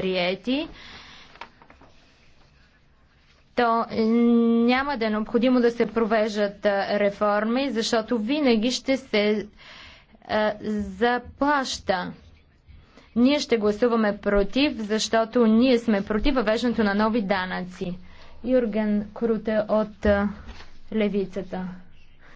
приети, то няма да е необходимо да се провеждат реформи, защото винаги ще се заплаща. Ние ще гласуваме против, защото ние сме против въвеждането на нови данъци. Юрген Круте от Левицата.